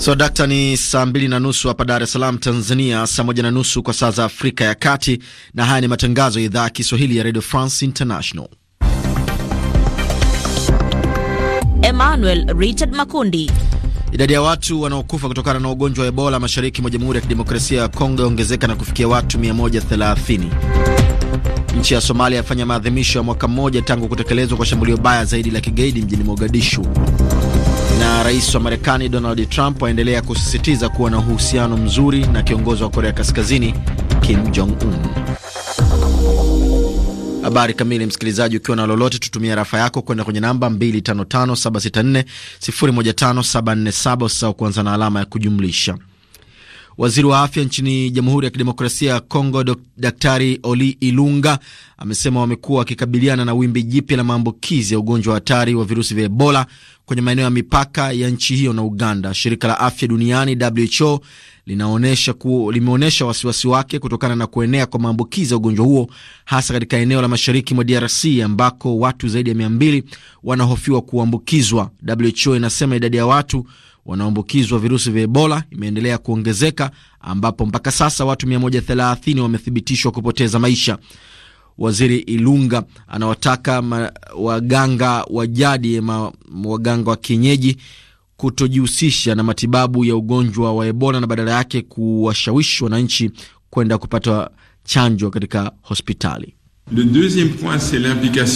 So dakta, ni saa mbili na nusu hapa Dar es Salaam, Tanzania, saa moja na nusu kwa saa za Afrika ya Kati, na haya ni matangazo ya idhaa ya Kiswahili ya Radio France International. Emmanuel Richard Makundi. Idadi ya watu wanaokufa kutokana na ugonjwa wa Ebola mashariki mwa Jamhuri ya Kidemokrasia ya Kongo yaongezeka na kufikia watu 130. Nchi ya Somalia yafanya maadhimisho ya mwaka mmoja tangu kutekelezwa kwa shambulio baya zaidi la kigaidi mjini Mogadishu. Na rais wa Marekani Donald Trump aendelea kusisitiza kuwa na uhusiano mzuri na kiongozi wa Korea Kaskazini Kim Jong Un. Habari kamili, msikilizaji, ukiwa na lolote, tutumia rafa yako kwenda kwenye namba 255764015747 usisahau kuanza na alama ya kujumlisha. Waziri wa afya nchini Jamhuri ya Kidemokrasia ya Kongo, Daktari Oli Ilunga amesema wamekuwa wakikabiliana na wimbi jipya la maambukizi ya ugonjwa wa hatari wa virusi vya Ebola kwenye maeneo ya mipaka ya nchi hiyo na Uganda. Shirika la afya duniani WHO limeonyesha wasiwasi wake kutokana na kuenea kwa maambukizi ya ugonjwa huo hasa katika eneo la mashariki mwa DRC ambako watu zaidi ya mia mbili wanahofiwa kuambukizwa. WHO inasema idadi ya watu wanaoambukizwa virusi vya Ebola imeendelea kuongezeka ambapo mpaka sasa watu 130 wamethibitishwa kupoteza maisha. Waziri Ilunga anawataka ma, waganga wa jadi, waganga wa kienyeji kutojihusisha na matibabu ya ugonjwa wa Ebola na badala yake kuwashawishi wananchi kwenda kupata chanjo katika hospitali.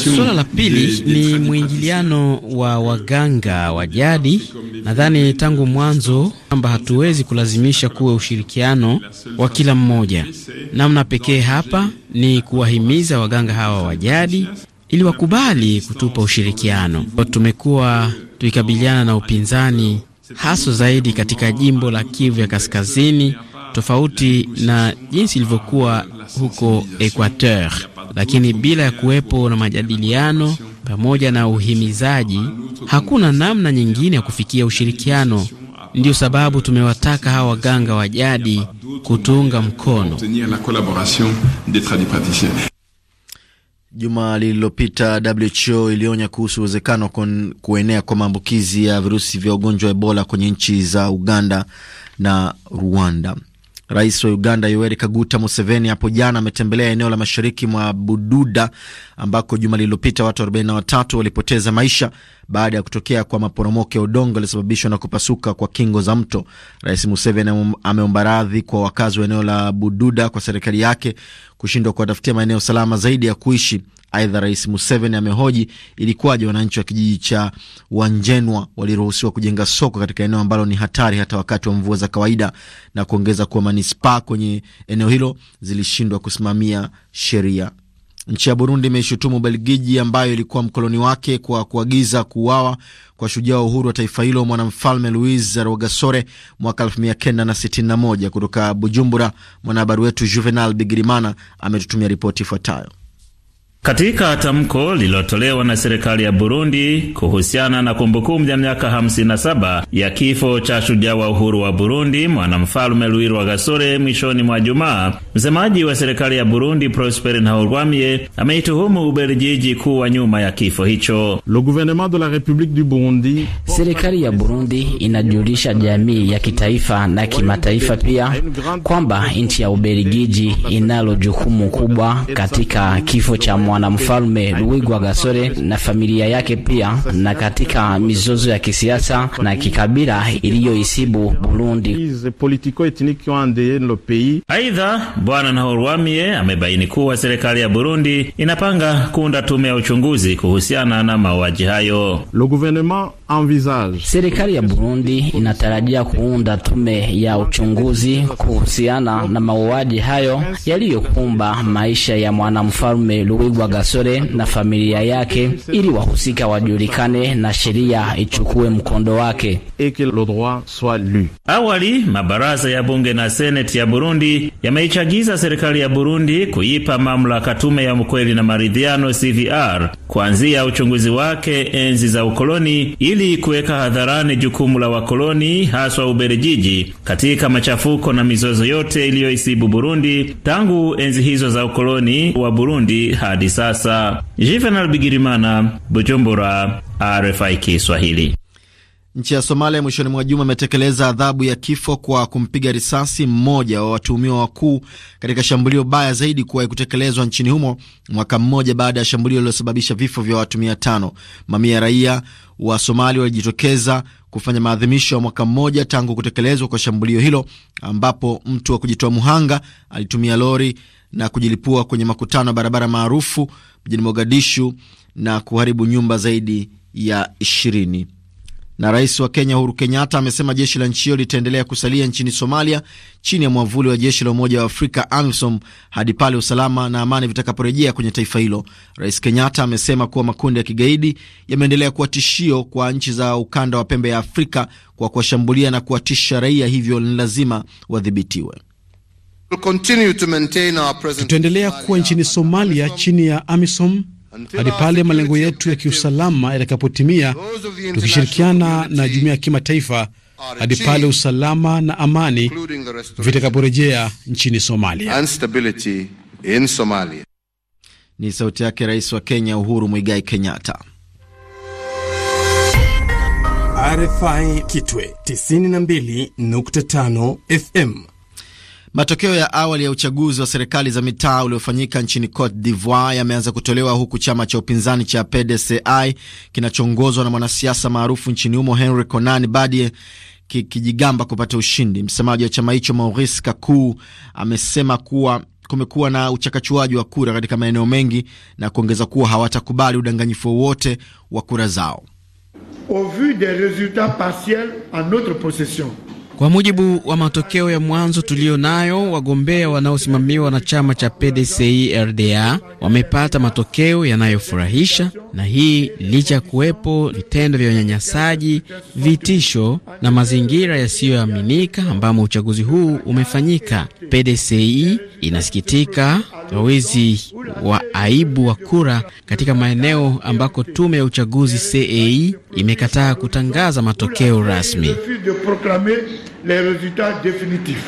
Suala la pili ni mwingiliano wa waganga wa jadi. Nadhani tangu mwanzo kwamba hatuwezi kulazimisha kuwe ushirikiano wa kila mmoja. Namna pekee hapa ni kuwahimiza waganga hawa wa jadi ili wakubali kutupa ushirikiano. Tumekuwa tukikabiliana na upinzani haswa zaidi katika jimbo la Kivu ya Kaskazini, tofauti na jinsi ilivyokuwa huko Equateur lakini bila ya kuwepo na majadiliano pamoja na uhimizaji, hakuna namna nyingine ya kufikia ushirikiano. Ndiyo sababu tumewataka hawa waganga wa jadi kutuunga mkono. Juma lililopita WHO ilionya kuhusu uwezekano kuenea kwa maambukizi ya virusi vya ugonjwa wa Ebola kwenye nchi za Uganda na Rwanda. Rais wa Uganda Yoweri Kaguta Museveni hapo jana ametembelea eneo la mashariki mwa Bududa ambako juma lililopita watu 43 walipoteza maisha baada ya kutokea kwa maporomoko ya udongo yaliyosababishwa na kupasuka kwa kingo za mto. Rais Museveni ameomba radhi kwa wakazi wa eneo la Bududa kwa serikali yake kushindwa kuwatafutia maeneo salama zaidi ya kuishi Aidha, Rais Museveni amehoji ilikuwaje wananchi wa kijiji cha Wanjenwa waliruhusiwa kujenga soko katika eneo ambalo ni hatari hata wakati wa mvua za kawaida, na kuongeza kuwa manispaa kwenye eneo hilo zilishindwa kusimamia sheria. Nchi ya Burundi imeishutumu belgiji ambayo ilikuwa mkoloni wake kwa kuagiza kuuawa kwa shujaa wa uhuru wa taifa hilo mwanamfalme Louis Rwagasore mwaka 1961. Kutoka Bujumbura, mwanahabari wetu Juvenal Bigirimana ametutumia ripoti ifuatayo. Katika tamko lililotolewa na serikali ya Burundi kuhusiana na kumbukumbu ya miaka 57 ya kifo cha shujaa wa uhuru wa Burundi mwanamfalume Rwagatsore mwishoni mwa Jumaa, msemaji wa serikali ya Burundi Prosper Ntahorwamiye ameituhumu Ubelgiji kuwa nyuma ya kifo hicho. Le gouvernement de la du Burundi, serikali ya Burundi inajulisha jamii ya kitaifa na kimataifa pia kwamba nchi ya Ubelgiji inalo jukumu kubwa katika kifo cha mwa mwanamfalme Luigwa Gasore na familia yake pia, na katika mizozo ya kisiasa na kikabila iliyoisibu Burundi. Aidha, Bwana Nahurwamie amebaini kuwa serikali ya Burundi inapanga kuunda tume ya uchunguzi kuhusiana na mauaji hayo. Serikali ya Burundi inatarajia kuunda tume ya uchunguzi kuhusiana na mauaji hayo yaliyokumba maisha ya mwanamfalme Luigwa Gasore na familia yake ili wahusika wajulikane na sheria ichukue mkondo wake. Awali mabaraza ya bunge na seneti ya Burundi yameichagiza serikali ya Burundi kuipa mamlaka tume ya mkweli na maridhiano CVR kuanzia uchunguzi wake enzi za ukoloni ili kuweka hadharani jukumu la wakoloni haswa uberejiji katika machafuko na mizozo yote iliyoisibu Burundi tangu enzi hizo za ukoloni wa Burundi hadi sasa. Jivenal Bigirimana, Bujumbura, RFI Kiswahili. Nchi ya Somalia mwishoni mwa juma imetekeleza adhabu ya kifo kwa kumpiga risasi mmoja wa watuhumiwa wakuu katika shambulio baya zaidi kuwahi kutekelezwa nchini humo, mwaka mmoja baada ya shambulio lililosababisha vifo vya watu mia tano. Mamia ya raia wa Somalia walijitokeza kufanya maadhimisho ya mwaka mmoja tangu kutekelezwa kwa shambulio hilo, ambapo mtu wa kujitoa muhanga alitumia lori na kujilipua kwenye makutano ya barabara maarufu mjini Mogadishu na kuharibu nyumba zaidi ya ishirini. Na rais wa Kenya Uhuru Kenyatta amesema jeshi la nchi hiyo litaendelea kusalia nchini Somalia chini ya mwavuli wa jeshi la Umoja wa Afrika AMISOM hadi pale usalama na amani vitakaporejea kwenye taifa hilo. Rais Kenyatta amesema kuwa makundi ya kigaidi yameendelea kuwa tishio kwa nchi za ukanda wa pembe ya Afrika kwa kuwashambulia na kuwatisha raia, hivyo ni lazima wadhibitiwe. Tutaendelea kuwa nchini Somalia chini ya AMISOM hadi pale malengo yetu ya kiusalama yatakapotimia, tukishirikiana na jumuiya ya kimataifa hadi pale usalama na amani vitakaporejea nchini Somalia. Somalia. Ni sauti yake Rais wa Kenya Uhuru Muigai Kenyatta. RFI Kitwe 92.5 FM Matokeo ya awali ya uchaguzi wa serikali za mitaa uliofanyika nchini Cote d'Ivoire yameanza kutolewa huku chama cha upinzani cha PDCI kinachoongozwa na mwanasiasa maarufu nchini humo Henry Konan Badie kikijigamba kupata ushindi. Msemaji wa chama hicho Maurice Kaku amesema kuwa kumekuwa na uchakachuaji wa kura katika maeneo mengi na kuongeza kuwa hawatakubali udanganyifu wowote wa kura zao. Au vu des resultats partiels en notre possession kwa mujibu wa matokeo ya mwanzo tuliyo nayo, wagombea wanaosimamiwa na chama cha PDCI RDA wamepata matokeo yanayofurahisha, na hii licha ya kuwepo vitendo vya unyanyasaji, vitisho na mazingira yasiyoaminika ambamo uchaguzi huu umefanyika. PDCI inasikitika wizi wa aibu wa kura katika maeneo ambako tume ya uchaguzi CEI imekataa kutangaza matokeo rasmi les résultats définitifs.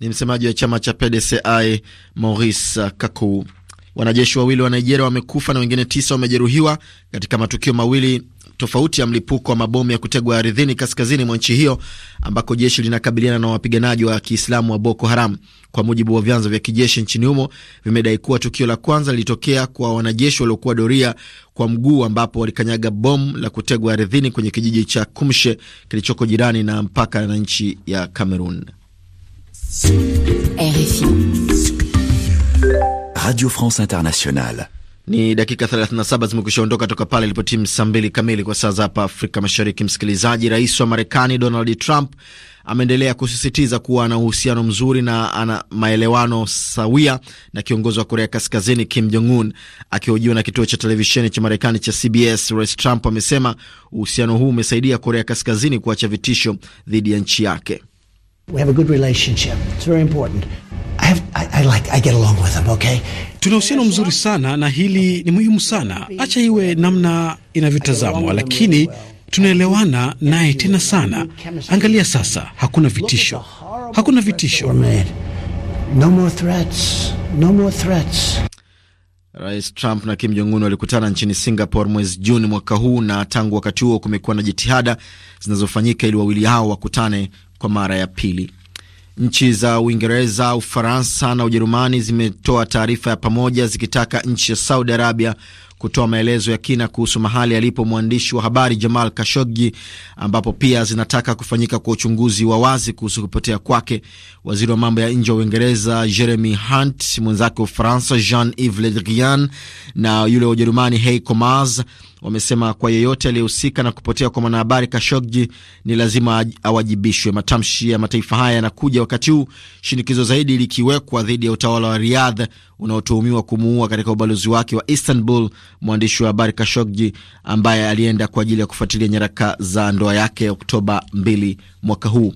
Ni msemaji wa chama cha PDCI e, Maurice Kaku. Wanajeshi wawili wa Nigeria wamekufa na wengine tisa wamejeruhiwa katika matukio mawili tofauti ya mlipuko wa mabomu ya kutegwa ardhini kaskazini mwa nchi hiyo ambako jeshi linakabiliana na wapiganaji wa Kiislamu wa Boko Haram. Kwa mujibu wa vyanzo vya kijeshi nchini humo, vimedai kuwa tukio la kwanza lilitokea kwa wanajeshi waliokuwa doria kwa mguu, ambapo walikanyaga bomu la kutegwa ardhini kwenye kijiji cha Kumshe kilichoko jirani na mpaka na nchi ya Kamerun. Radio France Internationale ni dakika 37 zimekwisha ondoka toka pale ilipotimu saa mbili kamili kwa saa za hapa Afrika Mashariki. Msikilizaji, rais wa Marekani Donald Trump ameendelea kusisitiza kuwa ana uhusiano mzuri na ana maelewano sawia na kiongozi wa Korea Kaskazini Kim Jong Un. Akihojiwa na kituo cha televisheni cha Marekani cha CBS, rais Trump amesema uhusiano huu umesaidia Korea Kaskazini kuacha vitisho dhidi ya nchi yake. We have a good relationship. It's very important. I have, I, I like, I get along with okay? Tuna uhusiano mzuri sana na hili ni muhimu sana. Acha iwe namna inavyotazamwa, lakini tunaelewana naye tena sana. Angalia sasa, hakuna vitisho, hakuna vitisho. No more threats. No more threats. Rais Trump na Kim Jong Un walikutana nchini Singapore mwezi Juni mwaka huu, na tangu wakati huo kumekuwa na jitihada zinazofanyika ili wawili hao wakutane kwa mara ya pili. Nchi za Uingereza, Ufaransa na Ujerumani zimetoa taarifa ya pamoja zikitaka nchi ya Saudi Arabia kutoa maelezo ya kina kuhusu mahali alipo mwandishi wa habari Jamal Khashoggi, ambapo pia zinataka kufanyika kwa uchunguzi wa wazi kuhusu kupotea kwake. Waziri wa mambo ya nje wa Uingereza Jeremy Hunt, mwenzake wa Ufaransa Jean Yves Le Drian na yule wa Ujerumani Heiko Maas wamesema kwa yeyote aliyehusika na kupotea kwa mwanahabari Kashoggi ni lazima awajibishwe. Matamshi ya mataifa haya yanakuja wakati huu shinikizo zaidi likiwekwa dhidi ya utawala wa Riyadh unaotuhumiwa kumuua katika ubalozi wake wa Istanbul mwandishi wa habari Kashoggi ambaye alienda kwa ajili ya kufuatilia nyaraka za ndoa yake Oktoba 2 mwaka huu.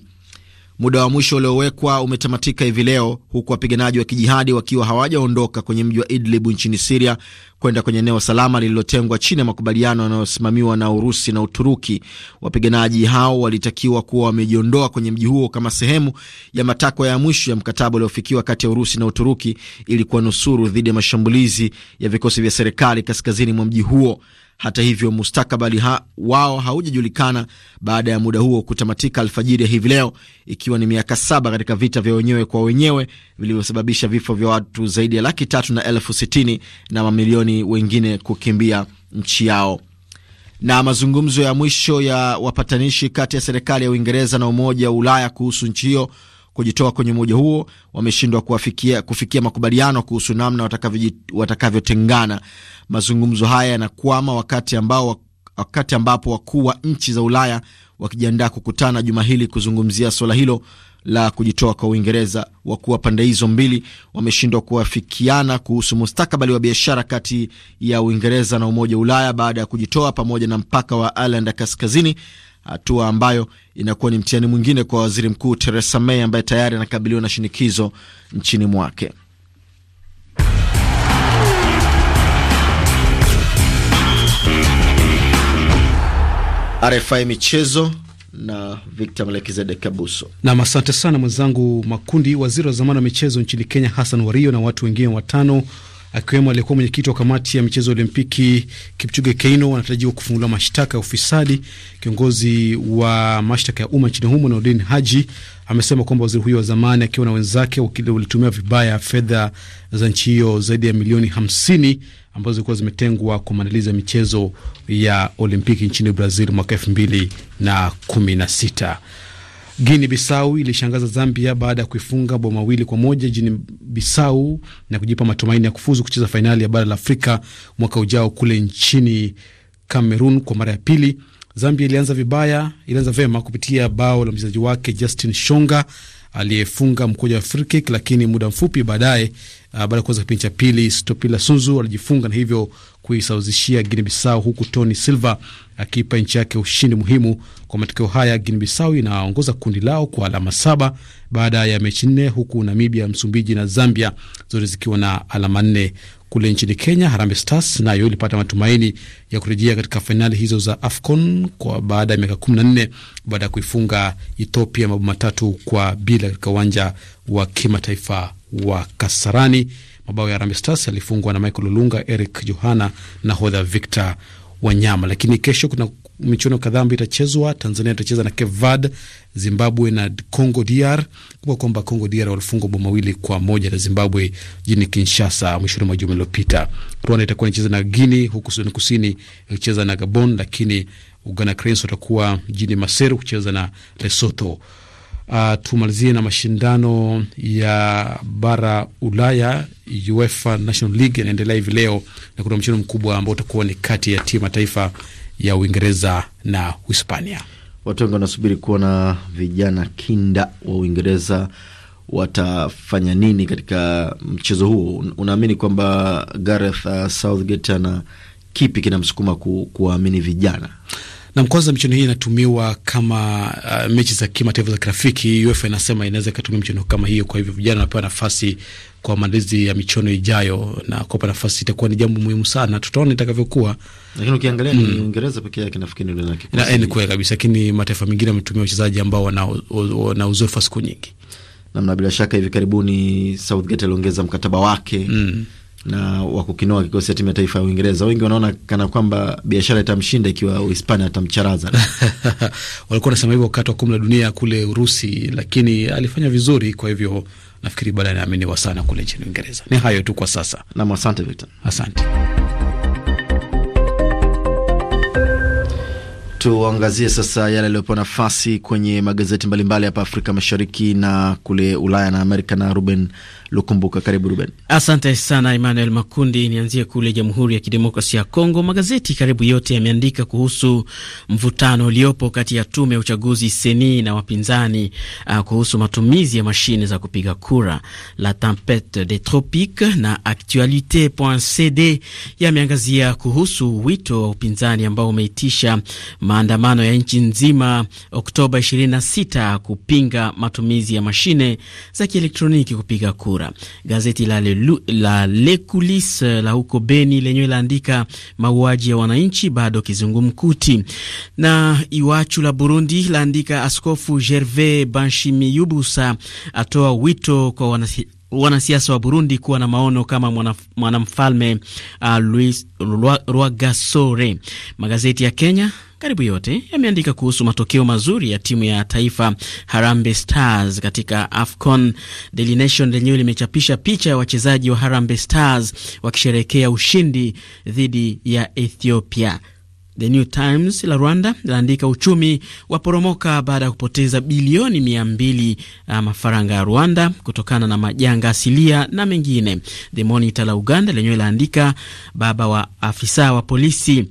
Muda wa mwisho uliowekwa umetamatika hivi leo, huku wapiganaji wa kijihadi wakiwa hawajaondoka kwenye mji wa Idlib nchini Siria kwenda kwenye eneo salama lililotengwa chini ya makubaliano yanayosimamiwa na Urusi na Uturuki. Wapiganaji hao walitakiwa kuwa wamejiondoa kwenye mji huo kama sehemu ya matakwa ya mwisho ya mkataba uliofikiwa kati ya Urusi na Uturuki ili kuwanusuru dhidi ya mashambulizi ya vikosi vya serikali kaskazini mwa mji huo. Hata hivyo, mustakabali ha, wao haujajulikana baada ya muda huo kutamatika alfajiri ya hivi leo, ikiwa ni miaka saba katika vita vya wenyewe kwa wenyewe vilivyosababisha vifo vya watu zaidi ya laki tatu na elfu sitini na mamilioni wengine kukimbia nchi yao. Na mazungumzo ya mwisho ya wapatanishi kati ya serikali ya Uingereza na Umoja wa Ulaya kuhusu nchi hiyo kujitoa kwenye umoja huo wameshindwa kufikia, kufikia makubaliano kuhusu namna watakavyotengana Mazungumzo haya yanakwama wakati ambao wakati ambapo wakuu wa nchi za Ulaya wakijiandaa kukutana juma hili kuzungumzia suala hilo la kujitoa kwa Uingereza. Wakuu wa pande hizo mbili wameshindwa kuafikiana kuhusu mustakabali wa biashara kati ya Uingereza na Umoja wa Ulaya baada ya kujitoa, pamoja na mpaka wa Ireland ya kaskazini hatua ambayo inakuwa ni mtihani mwingine kwa waziri mkuu Theresa May ambaye tayari anakabiliwa na shinikizo nchini mwake. RFI Michezo na Victor Melekizedek Kabuso. Nam, asante sana mwenzangu Makundi. Waziri wa zamani wa michezo nchini Kenya Hassan Wario na watu wengine watano akiwemo aliyekuwa mwenyekiti wa kamati ya michezo ya Olimpiki Kipchuge Keino wanatarajiwa kufunguliwa mashtaka ya ufisadi. Kiongozi wa mashtaka ya umma nchini humo nordin Haji amesema kwamba waziri huyo wa zamani akiwa na wenzake walitumia vibaya fedha za nchi hiyo zaidi ya milioni hamsini ambazo zilikuwa zimetengwa kwa maandalizi ya michezo ya Olimpiki nchini Brazil mwaka elfu mbili na kumi na sita. Guinea Bissau ilishangaza Zambia baada ya kuifunga bao mawili kwa moja jini Bissau na kujipa matumaini ya kufuzu kucheza fainali ya bara la Afrika mwaka ujao kule nchini Cameroon kwa mara ya pili. Zambia ilianza vibaya, ilianza vema kupitia bao la mchezaji wake Justin Shonga aliyefunga mkoja wa free kick, lakini muda mfupi baadaye, ah, baada ya kuanza kipindi cha pili, Stopila Sunzu alijifunga na hivyo kuisawazishia Guinea Bissau, huku Tony Silva akiipa nchi yake ushindi muhimu. Kwa matokeo haya, Guinea Bissau inaongoza kundi lao kwa alama saba baada ya mechi nne, huku Namibia, Msumbiji na Zambia zote zikiwa na alama nne. Kule nchini Kenya, Harambee Stars nayo ilipata matumaini ya kurejea katika fainali hizo za AFCON kwa baada ya miaka 14 baada ya kuifunga Ethiopia mabao matatu kwa bila katika uwanja wa kimataifa wa Kasarani. Mabao ya Harambee Stars yalifungwa na Michael Olunga, Eric Johana na hodha Victor Wanyama. Lakini kesho kuna michuano kadhaa ambayo itachezwa. Tanzania itacheza na Cape Verde, Zimbabwe na Congo DR. Kumbuka kwamba Congo DR walifungwa bao mawili kwa moja na Zimbabwe jini Kinshasa mwishoni mwa juma iliyopita. Rwanda itakuwa inacheza na Guini, huku Sudani Kusini ikicheza na Gabon, lakini Uganda Cranes watakuwa jini Maseru kucheza na Lesotho. Uh, tumalizie na mashindano ya bara Ulaya, UEFA National League yanaendelea hivi leo na kuna mchezo mkubwa ambao utakuwa ni kati ya timu ya taifa ya Uingereza na Hispania. Watu wengi wanasubiri kuona vijana kinda wa Uingereza watafanya nini katika mchezo huo. Unaamini kwamba Gareth uh, Southgate ana kipi kinamsukuma ku, kuwaamini vijana? Na kwanza michuano hii inatumiwa kama uh, mechi za kimataifa za kirafiki. UEFA inasema inaweza ikatumia michuano kama hiyo, kwa hivyo vijana wanapewa nafasi kwa maandalizi ya michuano ijayo, na kuwapa nafasi itakuwa ni jambo muhimu sana. Tutaona itakavyokuwa, lakini ukiangalia ni mm. Uingereza pekee yake nafikiri ndio na eh, ni kweli kabisa, lakini mataifa mengine yametumia wachezaji ambao wana uzoefu siku nyingi namna. Bila shaka hivi karibuni Southgate aliongeza mkataba wake mm na wa kukinoa kikosi cha timu ya taifa ya Uingereza. Wengi wanaona kana kwamba biashara itamshinda ikiwa Uhispania atamcharaza. Walikuwa wanasema hivyo wakati wa kombe la dunia kule Urusi, lakini alifanya vizuri, kwa hivyo nafikiri baadaye anaaminiwa sana kule nchini Uingereza. Ni hayo tu kwa sasa. Nam, asante Victor, asante. Tuangazie sasa yale yaliyopewa nafasi kwenye magazeti mbalimbali hapa mbali Afrika Mashariki na kule Ulaya na Amerika na Ruben Lukumbuka. Karibu Ruben. Asante sana Emmanuel Makundi. Nianzie kule Jamhuri ya Kidemokrasia ya Kongo. Magazeti karibu yote yameandika kuhusu mvutano uliopo kati ya tume ya uchaguzi seni na wapinzani uh, kuhusu matumizi ya mashine za kupiga kura. La Tempete des Tropiques na Actualite.cd yameangazia kuhusu wito wa upinzani ambao umeitisha maandamano ya nchi nzima Oktoba 26 kupinga matumizi ya mashine za kielektroniki kupiga kura. Gazeti la, lelu, la Lekulis la huko Beni lenyewe laandika mauaji ya wananchi bado kizungumkuti, na Iwachu la Burundi laandika Askofu Gervais Banshimiyubusa atoa wito kwa wanasi wanasiasa wa Burundi kuwa na maono kama mwanamfalme mwana uh, Louis Rwagasore. Magazeti ya Kenya karibu yote yameandika kuhusu matokeo mazuri ya timu ya taifa Harambee Stars katika AFCON. Daily Nation lenyewe limechapisha picha ya wachezaji wa Harambee Stars wakisherehekea ushindi dhidi ya Ethiopia. The New Times la Rwanda linaandika uchumi wa poromoka baada ya kupoteza bilioni mia mbili ah, mafaranga ya Rwanda kutokana na majanga asilia na mengine. The Monitor la Uganda lenyewe linaandika baba wa afisa wa polisi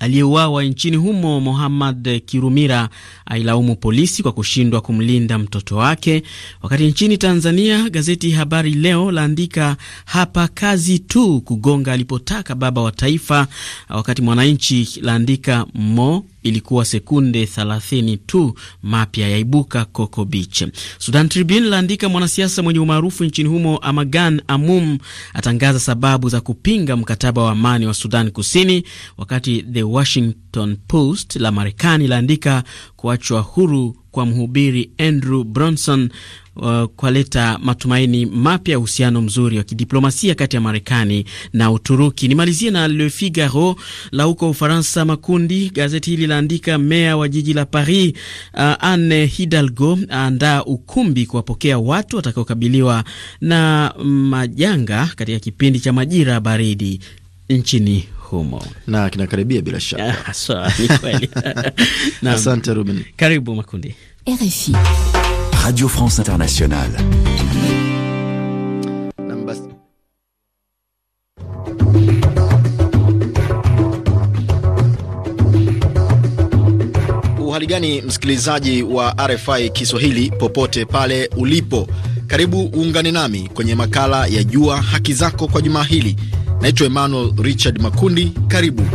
aliyeuawa nchini humo Mohammad Kirumira ailaumu polisi kwa kushindwa kumlinda mtoto wake. Wakati nchini Tanzania, gazeti Habari Leo laandika hapa kazi tu kugonga alipotaka baba wa taifa, wakati Mwananchi laandika mo ilikuwa sekunde 30 tu. Mapya yaibuka Coco Beach. Sudan Tribune laandika mwanasiasa mwenye umaarufu nchini humo Amagan Amum atangaza sababu za kupinga mkataba wa amani wa Sudan Kusini, wakati The Washington Post la Marekani laandika kuachwa huru kwa mhubiri Andrew Bronson uh, kwaleta matumaini mapya ya uhusiano mzuri wa kidiplomasia kati ya Marekani na Uturuki. Nimalizie na Le Figaro la huko Ufaransa makundi. Gazeti hili laandika meya wa jiji la Paris uh, Anne Hidalgo aandaa ukumbi kuwapokea watu watakaokabiliwa na majanga katika kipindi cha majira baridi nchini humo na kinakaribia bila shaka. Ah, sawa, ni kweli. Asante Ruben. Karibu Makundi. RFI. Radio France Internationale. Hali gani msikilizaji wa RFI Kiswahili popote pale ulipo, karibu uungane nami kwenye makala ya Jua Haki Zako kwa jumaa hili Naitwa Emmanuel Richard Makundi, karibu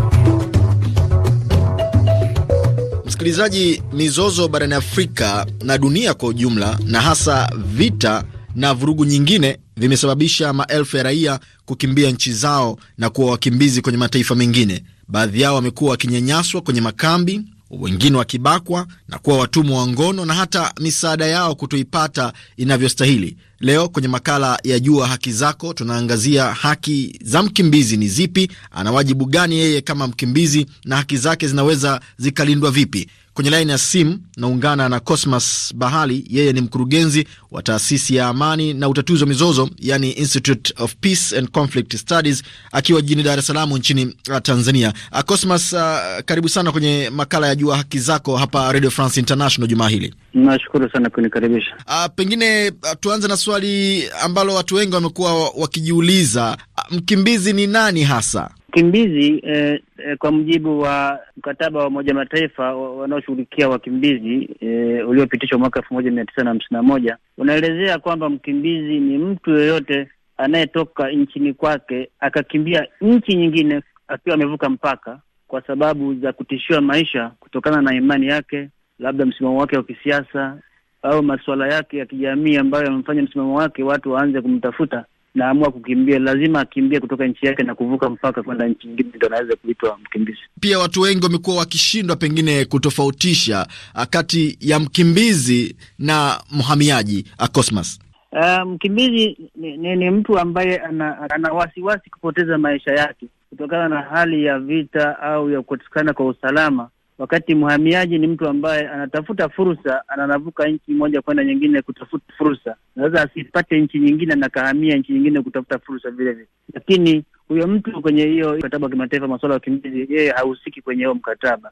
msikilizaji. Mizozo barani Afrika na dunia kwa ujumla, na hasa vita na vurugu nyingine vimesababisha maelfu ya raia kukimbia nchi zao na kuwa wakimbizi kwenye mataifa mengine. Baadhi yao wamekuwa wakinyanyaswa kwenye makambi, wengine wakibakwa na kuwa watumwa wa ngono na hata misaada yao kutoipata inavyostahili. Leo kwenye makala ya Jua Haki Zako tunaangazia haki za mkimbizi ni zipi, ana wajibu gani yeye kama mkimbizi, na haki zake zinaweza zikalindwa vipi? Kwenye laini ya simu naungana na Cosmas Bahali, yeye ni mkurugenzi wa taasisi ya amani na utatuzi wa mizozo, yani Institute of Peace and Conflict Studies, akiwa jijini Dar es Salaam nchini uh, Tanzania. Uh, Cosmas, uh, karibu sana kwenye makala ya Jua Haki Zako hapa Radio France International jumaa hili. Nashukuru sana kunikaribisha. Pengine tuanze na swali ambalo watu wengi wamekuwa wakijiuliza, mkimbizi ni nani hasa? Mkimbizi eh, eh, kwa mujibu wa mkataba wa Umoja Mataifa wanaoshughulikia wakimbizi eh, uliopitishwa mwaka elfu moja mia tisa na hamsini na moja unaelezea kwamba mkimbizi ni mtu yeyote anayetoka nchini kwake akakimbia nchi nyingine akiwa amevuka mpaka kwa sababu za kutishiwa maisha kutokana na imani yake, labda msimamo wake wa kisiasa, au masuala yake ya kijamii ambayo yamemfanya msimamo wake watu waanze kumtafuta, na amua kukimbia, lazima akimbie kutoka nchi yake na kuvuka mpaka kwenda nchi nyingine, ndo anaweza kuitwa mkimbizi. Pia watu wengi wamekuwa wakishindwa pengine kutofautisha ah, kati ya mkimbizi na mhamiaji. Ah, Cosmas, uh, mkimbizi ni, ni, ni mtu ambaye ana, ana wasiwasi kupoteza maisha yake kutokana na hali ya vita au ya kukosekana kwa usalama wakati mhamiaji ni mtu ambaye anatafuta fursa, ananavuka nchi moja kwenda nyingine kutafuta fursa, na sasa asipate nchi nyingine, anakahamia nchi nyingine kutafuta fursa vile vile. Lakini huyo mtu kwenye hiyo mkataba wa kimataifa masuala ya wakimbizi, yeye hahusiki kwenye huo mkataba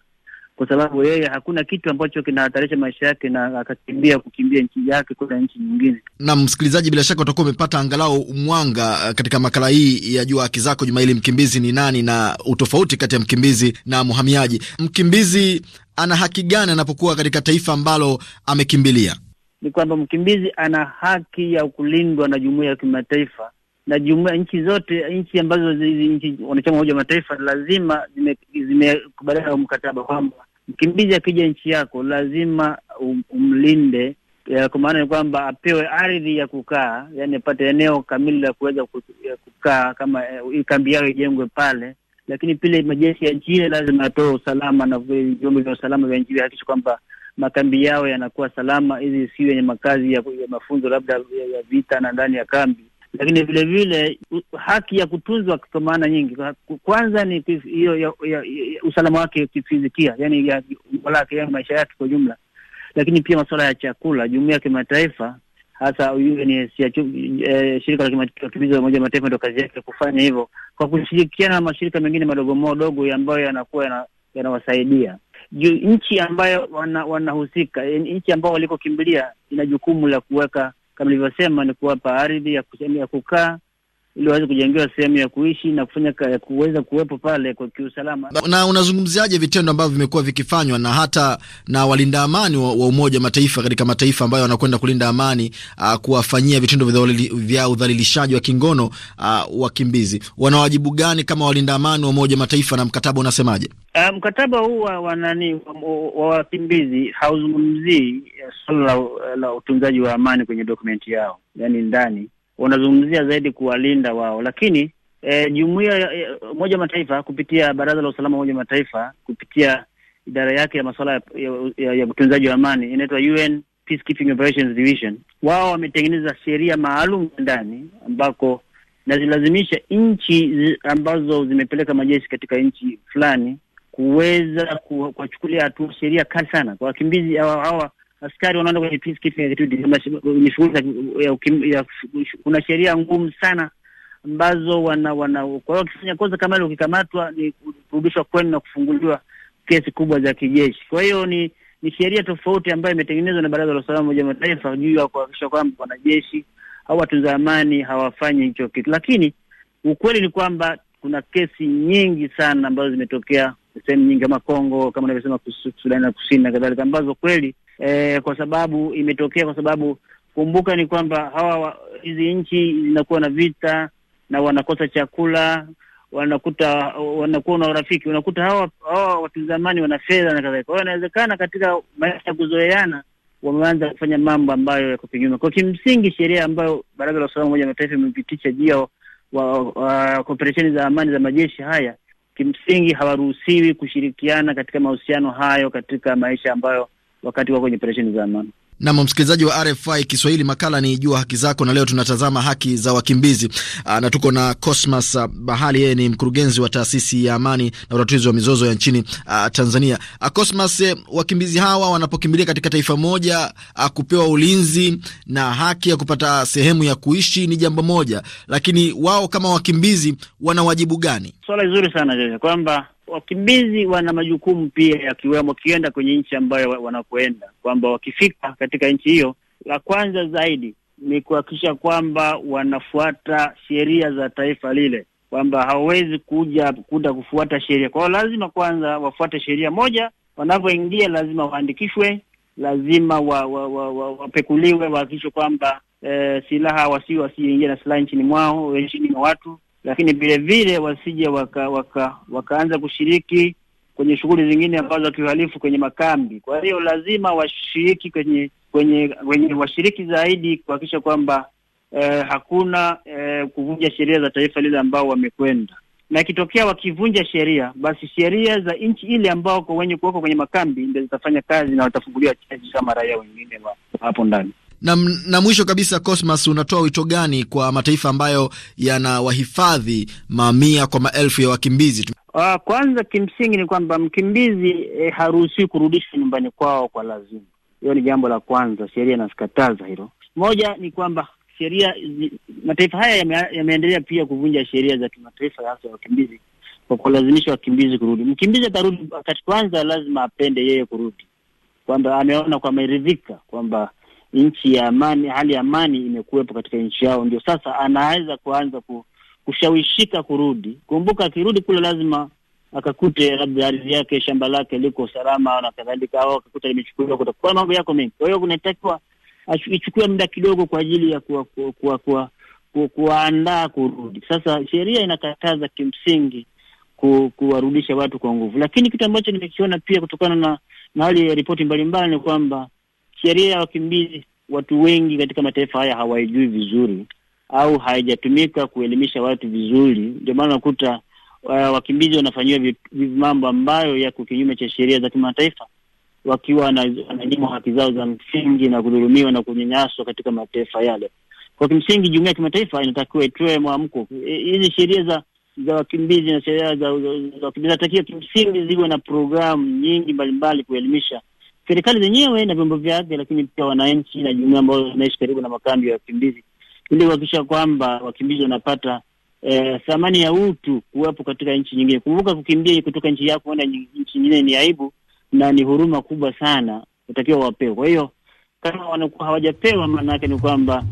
kwa sababu yeye hakuna kitu ambacho kinahatarisha maisha yake na akakimbia kukimbia nchi yake kwenda nchi nyingine. Na msikilizaji, bila shaka utakuwa umepata angalau mwanga eh, katika makala hii ya Jua Haki Zako juma hili, mkimbizi ni nani na utofauti kati ya mkimbizi na mhamiaji. Mkimbizi ana haki gani anapokuwa katika taifa ambalo amekimbilia? Ni kwamba mkimbizi ana haki ya kulindwa na jumuia ya kimataifa na jumuia, nchi zote, nchi ambazo nchi wanachama Umoja wa Mataifa lazima zimekubaliana zime, mkataba kwamba Mkimbizi akija nchi yako lazima um, umlinde kwa maana ni kwamba apewe ardhi ya kukaa, yani apate eneo kamili la kuweza kukaa, kama eh, hii kambi yao ijengwe pale. Lakini pile majeshi ya nchi ile lazima atoe usalama na vyombo vya usalama vya nchi hakikisha kwamba makambi yao yanakuwa salama, hizi si yenye makazi ya, ya mafunzo labda ya, ya vita na ndani ya kambi lakini vile vile haki ya kutunzwa kwa maana nyingi. Kwanza ni hiyo usalama wake kifizikia, yani ya walake, yani maisha yake kwa jumla, lakini pia masuala ya chakula, jumuia ya kimataifa hasa UN eh, shirika la kimataifa la Umoja wa Mataifa ndio kazi yake kufanya hivyo kwa kushirikiana na mashirika mengine madogo madogo ambayo yanakuwa yanawasaidia ya juu nchi ambayo wanahusika wana nchi ambao walikokimbilia ina jukumu la kuweka kama nilivyosema, ni kuwapa ardhi ya kukaa ili waweze kujengewa sehemu ya kuishi na kufanya kuweza kuwepo pale kwa kiusalama. Na, na unazungumziaje vitendo ambavyo vimekuwa vikifanywa na hata na walinda amani wa, wa Umoja wa Mataifa katika mataifa ambayo wanakwenda kulinda amani uh, kuwafanyia vitendo vya udhalilishaji wa kingono uh, wakimbizi? Wana wajibu gani kama walinda amani wa Umoja wa Mataifa na mkataba unasemaje? Uh, mkataba huu wa wanani wa wakimbizi hauzungumzii uh, suala la utunzaji wa amani kwenye dokumenti yao, yani ndani wanazungumzia zaidi kuwalinda wao, lakini e, jumuiya ya eh, Umoja Mataifa kupitia Baraza la Usalama Umoja Mataifa kupitia idara yake ya masuala ya, ya, ya utunzaji wa amani inaitwa UN Peacekeeping Operations Division, wao wametengeneza sheria maalum ndani ambako nazilazimisha nchi ambazo zimepeleka majeshi katika nchi fulani kuweza kuwachukulia hatua sheria kali sana kwa wakimbizi hawa askari wanaenda kwenye peacekeeping activity, ni shughuli ya kuna sheria ngumu sana ambazo wana wana, kwa hiyo wakifanya kosa kama ile, ukikamatwa ni kurudishwa kwenu na kufunguliwa kesi kubwa za kijeshi. Kwa hiyo ni ni sheria tofauti ambayo imetengenezwa na Baraza la Usalama Umoja wa Mataifa juu ya kuhakikisha kwamba wanajeshi au watunza amani hawafanyi hicho kitu, lakini ukweli ni kwamba kuna kesi nyingi sana ambazo zimetokea sehemu nyingi kama Kongo, kama unavyosema Sudani na kusini na kadhalika, ambazo kweli eh, kwa sababu imetokea, kwa sababu kumbuka ni kwamba hawa hizi nchi zinakuwa na vita na wanakosa chakula, wanakuta wanakuwa na urafiki, unakuta hawa hawa watu zamani wana fedha na kadhalika. Kwa hiyo inawezekana katika maisha ya kuzoeana wameanza kufanya mambo ambayo yako kinyume kwa kimsingi sheria ambayo Baraza la Usalama Umoja wa Mataifa imepitisha juu ya wa, wa, wa, operesheni za amani za majeshi haya kimsingi hawaruhusiwi kushirikiana katika mahusiano hayo katika maisha ambayo wakati wako kwenye operesheni za amani. Nam msikilizaji wa RFI Kiswahili, makala ni Jua Haki Zako, na leo tunatazama haki za wakimbizi ah, na tuko na Cosmas ah, Bahali. Yeye ni mkurugenzi wa taasisi ya amani na utatuzi wa mizozo ya nchini a, ah, Tanzania. A, Cosmas, eh, wakimbizi hawa wanapokimbilia katika taifa moja a, kupewa ulinzi na haki ya kupata sehemu ya kuishi ni jambo moja, lakini wao kama wakimbizi wana wajibu gani? Swala zuri sana kwamba wakimbizi wana majukumu pia yakiwemo wakienda kwenye nchi ambayo wanakwenda, kwamba wakifika katika nchi hiyo, la kwanza zaidi ni kuhakikisha kwamba wanafuata sheria za taifa lile, kwamba hawawezi kuja kuda kufuata sheria. Kwa hiyo lazima kwanza wafuate sheria moja, wanavyoingia lazima waandikishwe, lazima wapekuliwe, wa, wa, wa, wahakikishwe kwamba eh, silaha wasi wasiingia na silaha nchini mwao nchini mwa watu lakini vile vile wasije waka, waka, wakaanza kushiriki kwenye shughuli zingine ambazo za kiuhalifu kwenye makambi. Kwa hiyo lazima washiriki kwenye kwenye kwenye washiriki zaidi kuhakikisha kwamba eh, hakuna eh, kuvunja sheria za taifa lile ambao wamekwenda, na ikitokea wakivunja sheria, basi sheria za nchi ile ambao kwa wenye kuwekwa kwenye makambi ndio zitafanya kazi na watafunguliwa kesi kama raia wengine wa hapo ndani. Na, na mwisho kabisa, Cosmas, unatoa wito gani kwa mataifa ambayo yanawahifadhi mamia kwa maelfu ya wakimbizi? Uh, kwanza kimsingi ni kwamba mkimbizi eh, haruhusiwi kurudishwa nyumbani kwao kwa lazima. Hiyo ni jambo la kwanza, sheria inasikataza hilo. Moja ni kwamba sheria mataifa haya yame, yameendelea pia kuvunja sheria za kimataifa hasa ya wakimbizi kwa kulazimisha wakimbizi kurudi. Mkimbizi atarudi wakati kwanza lazima apende yeye kurudi, kwamba ameona kwa ameridhika kwamba nchi ya amani, hali ya amani imekuwepo katika nchi yao, ndio sasa anaweza kuanza kushawishika kurudi. Kumbuka, akirudi kule lazima akakute labda ardhi yake, shamba lake liko salama na kadhalika, au akakuta limechukuliwa, kwa mambo yako mengi. Kwa hiyo kunatakiwa ichukue muda kidogo kwa ajili ya kuwa, kuwa, kuwa, kuwa, ku, kuwaandaa kurudi. Sasa sheria inakataza kimsingi ku, kuwarudisha watu kwa nguvu, lakini kitu ambacho nimekiona pia kutokana na na hali ya ripoti mbalimbali ni kwamba sheria ya wakimbizi watu wengi katika mataifa haya hawaijui vizuri au haijatumika kuelimisha watu vizuri. Ndio maana unakuta uh, wakimbizi wanafanyiwa mambo ambayo yako kinyume cha sheria za kimataifa, wakiwa wananyimwa haki zao za msingi na kudhulumiwa na kunyanyaswa katika mataifa yale. Kwa kimsingi, jumuia ya kimataifa inatakiwa itoe mwamko. Eh, hizi sheria za za wakimbizi na sheria za wakimbizi natakiwa kimsingi ziwe na programu nyingi mbalimbali kuelimisha serikali zenyewe na vyombo vyake, lakini pia wananchi na jumuia ambazo zinaishi karibu na makambi ya wakimbizi, ili kuhakikisha kwamba wakimbizi wanapata eh, thamani ya utu kuwepo katika nchi nyingine. Kumbuka, kukimbia kutoka nchi yako kwenda nchi nyingine ni aibu na ni huruma kubwa sana, utakiwa wapewe. Kwa hiyo kama wanakuwa hawajapewa, maana yake ni kwamba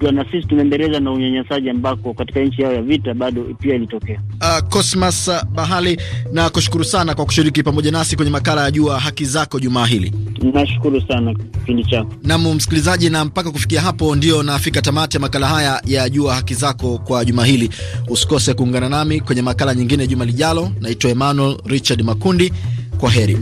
kupiganwa na sisi, tunaendeleza na unyanyasaji ambako katika nchi yao ya vita bado pia ilitokea. Uh, Cosmas Bahali, na kushukuru sana kwa kushiriki pamoja nasi kwenye makala ya Jua Haki Zako jumaa hili. Nashukuru sana kipindi chako nam msikilizaji, na mpaka kufikia hapo ndio nafika tamati ya makala haya ya Jua Haki Zako kwa juma hili. Usikose kuungana nami kwenye makala nyingine juma lijalo. Naitwa Emmanuel Richard Makundi, kwa heri.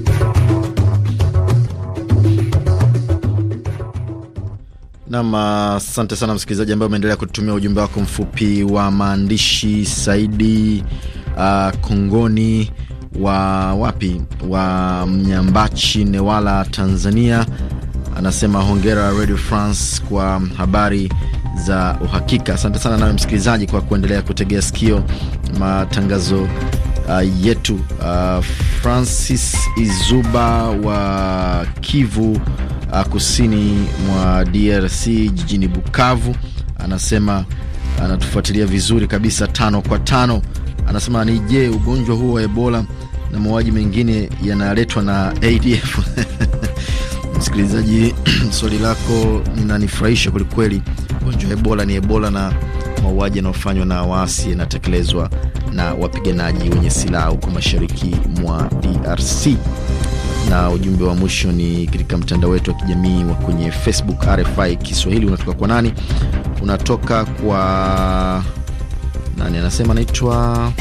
Nam, asante sana msikilizaji ambaye umeendelea kutumia ujumbe wako mfupi wa maandishi. Saidi uh, Kongoni wa wapi wa Mnyambachi, Newala, Tanzania, anasema hongera Radio France kwa habari za uhakika. Asante sana nawe msikilizaji kwa kuendelea kutegea sikio matangazo uh, yetu. Uh, Francis Izuba wa Kivu uh, kusini mwa DRC jijini Bukavu. Anasema anatufuatilia vizuri kabisa tano kwa tano. Anasema ni je, ugonjwa huo wa Ebola na mauaji mengine yanaletwa na ADF? Msikilizaji, swali lako linanifurahisha kwelikweli. Ugonjwa wa Ebola ni Ebola na mauaji yanayofanywa na waasi yanatekelezwa na wapiganaji wenye silaha huko mashariki mwa DRC na ujumbe wa mwisho ni katika mtandao wetu wa kijamii wa kwenye Facebook RFI Kiswahili. Unatoka kwa nani? Unatoka kwa nani? Anasema anaitwa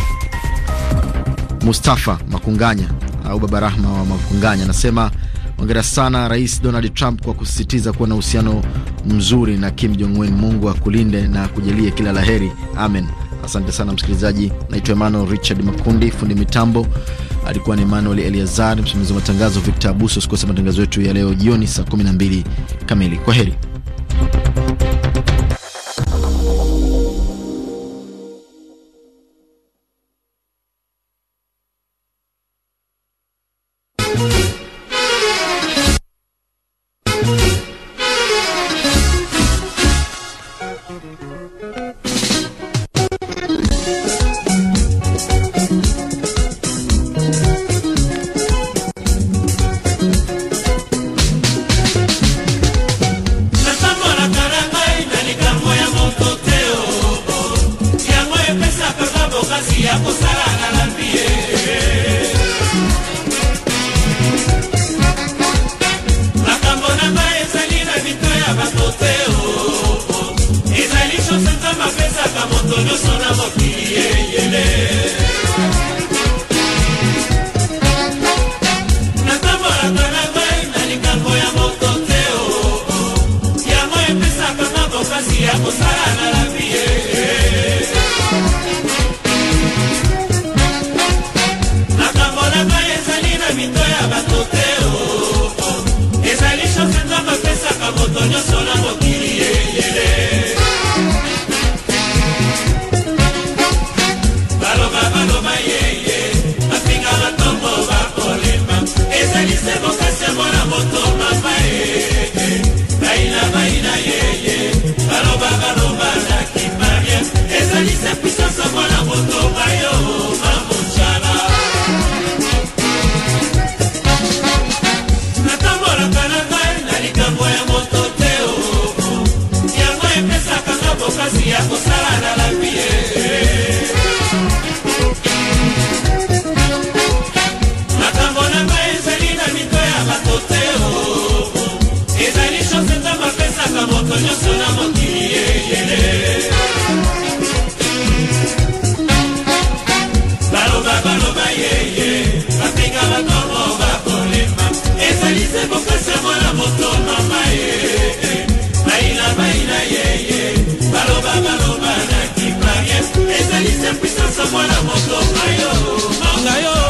Mustafa Makunganya au Baba Rahma wa Makunganya, anasema hongera sana Rais Donald Trump kwa kusisitiza kuwa na uhusiano mzuri na Kim Jong Un. Mungu akulinde na akujalie kila laheri, amen. Asante sana msikilizaji. Naitwa Emmanuel Richard Makundi, fundi mitambo alikuwa ni Emmanuel Eliazar, msimamizi wa matangazo Victor Abuso. Usikose matangazo yetu ya leo jioni saa 12 kamili. Kwa heri. mokili eyele natambolaka na ngai na likambo ya moto te o yango epesaka na bokasi ya kosala na mpasi ya kosala na lapi ye makambo na ngai ezali na mito ya bato te ezali shose nza bapesaka moto nyonso na mokili yeyele baloba baloba yeye batika batongo bakolema ezali se bokasa mwana moto mama ye mwana moko ngayo ngayo